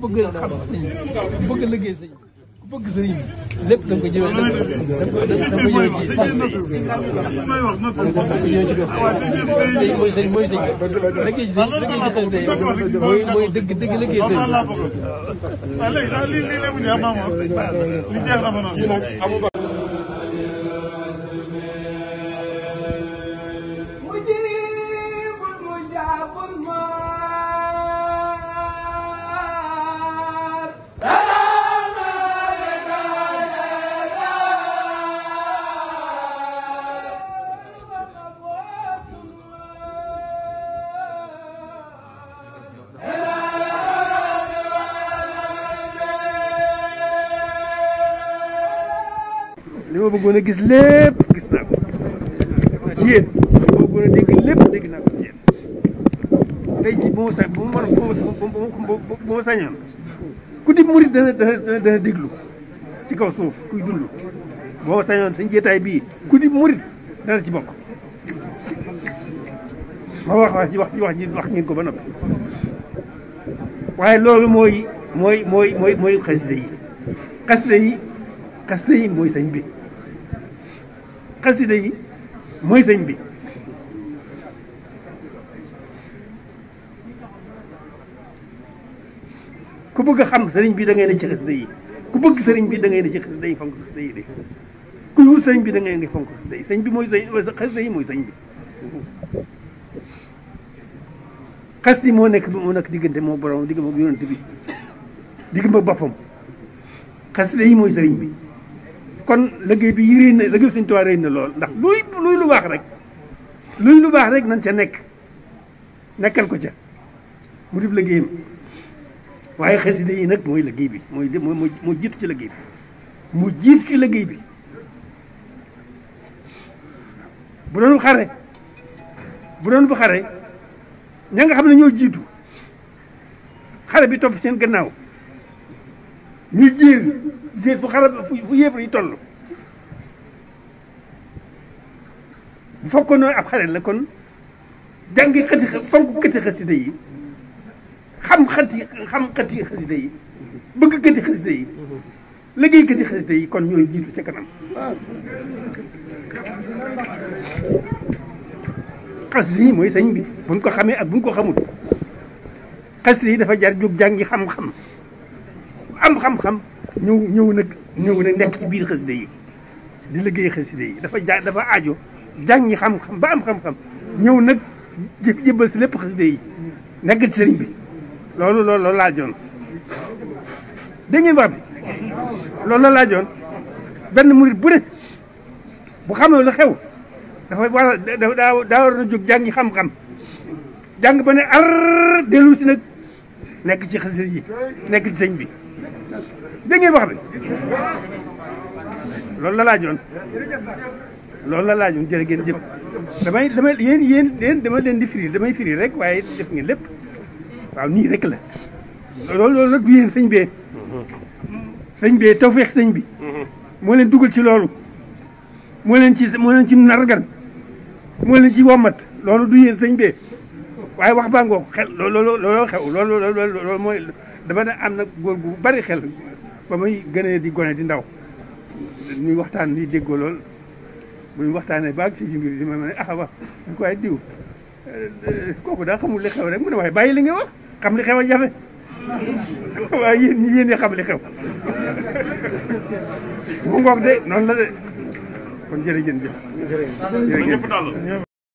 ku bëgg xam sëñ bi ku bëgg liggéey sëñ ku bëgg sëñ da ko jëlee da nga ko da nga ko jëlee ci tey mooy sëñ mooy sëñ liggéey sëñ liggéey ci tey tey mooy mooy dëgg dëgg liggéey sëñ bi. waaw léegi daal lii lii lay mujjee amaama li jeex na ma noonu. li ma bëggoon a gis lépp gis naa ko ci yéen li ma bëggoon a dégg lépp dégg naa ko ci yéen tey jii bu ma sa bu ma bu ma sañoon ku di murit dana dana dana déglu ci kaw suuf kuy dund boo ma sañoon sañ jeetaay bii ku di murit dana ci bokk ma wax wax ji wax ji wax ji wax ngeen ko ba noppi waaye loolu mooy mooy mooy mooy mooy xasida yi xasida yi xasida yi mooy sañ bi xasida yi mooy sëñ bi ku bëgg a xam sëriñ bi da ngay ne ci xasida yi ku bëgg bi da ngay ne ci xasida yi fonk xasida yi de ku wut bi da ngay ne fonk xasida sëñ bi mooy sëñ xasida mooy sëñ bi xas yi moo nekk moo nekk diggante moo borom diggante ak yonent bi diggante boppam xasida yi mooy sëriñ bi kon liggéey bi réy na liggéey Sëñ Tuubaa réy lool ndax luy luy lu baax rek luy lu baax rek nañ ca nekk nekkal ko ca mu dib liggéeyam waaye xasida yi nag mooy liggéey bi mooy mooy moo ci liggéey bi mu jiitu ci liggéey bi bu doon xare bu doon bu xare ña nga xam ne ñoo jiitu xare bi topp seen gannaaw ñuy jéem jéem fu xarab fu yéefar yi toll bu fekkoon ab xale la kon jàngi xati fonk këti xasida yi xam xati xam xati xasida yi bëgg këti xasida yi liggéey këti xasida yi kon ñooy jiitu ca kanam xasida yi mooy sëñ bi buñ ko xamee ak buñ ko xamul xasida yi dafa jar jóg jàngi xam-xam am xam-xam ñëw ñëw nag ñëw nag nekk ci biir xasida yi di liggéey xasida dafa ja dafa aajo jàngi xam-xam ba xam-xam ñëw nag jëbbal si lépp xasida yi nekk ci sëriñ bi loolu loolu loolu laa joon loolu loolu benn murit bu ne bu xamee lu xew dafa war a daa daa war na jóg jàngi xam-xam jàng ba ne ar dellu si nag nekk ci xasida yi nekk ci sëñ bi dégg ngeen wax loolu la laajoon loolu la laajoon jërë ngeen jëf damay damay yéen yéen yéen dama leen di firi damay firi rek waaye def ngeen lépp waaw nii rek la loolu loolu nag du yéen sëñ bee sëñ bee tawfeex sëñ bi moo leen ci loolu moo leen ci moo leen ci nargan moo leen ci wommat loolu du yéen sëñ bee waaye wax baa ngoog xel loolu looloo xew loolu loolu mooy dama ne am na góor gu bari xel ba muy gënee di gone di ndaw ñuy waxtaan di déggoo lool bu ñu waxtaanee ba si si mbir di ma ne ah wax ñu ko waaye diw kooku daa xamul li xew rek mu ne waaye bàyyi li nga wax xam li xew a jafe waaye yéen ñi yéen xam li xew mu ngoog de noonu la de kon jërëjëf jërëjëf. jërëjëf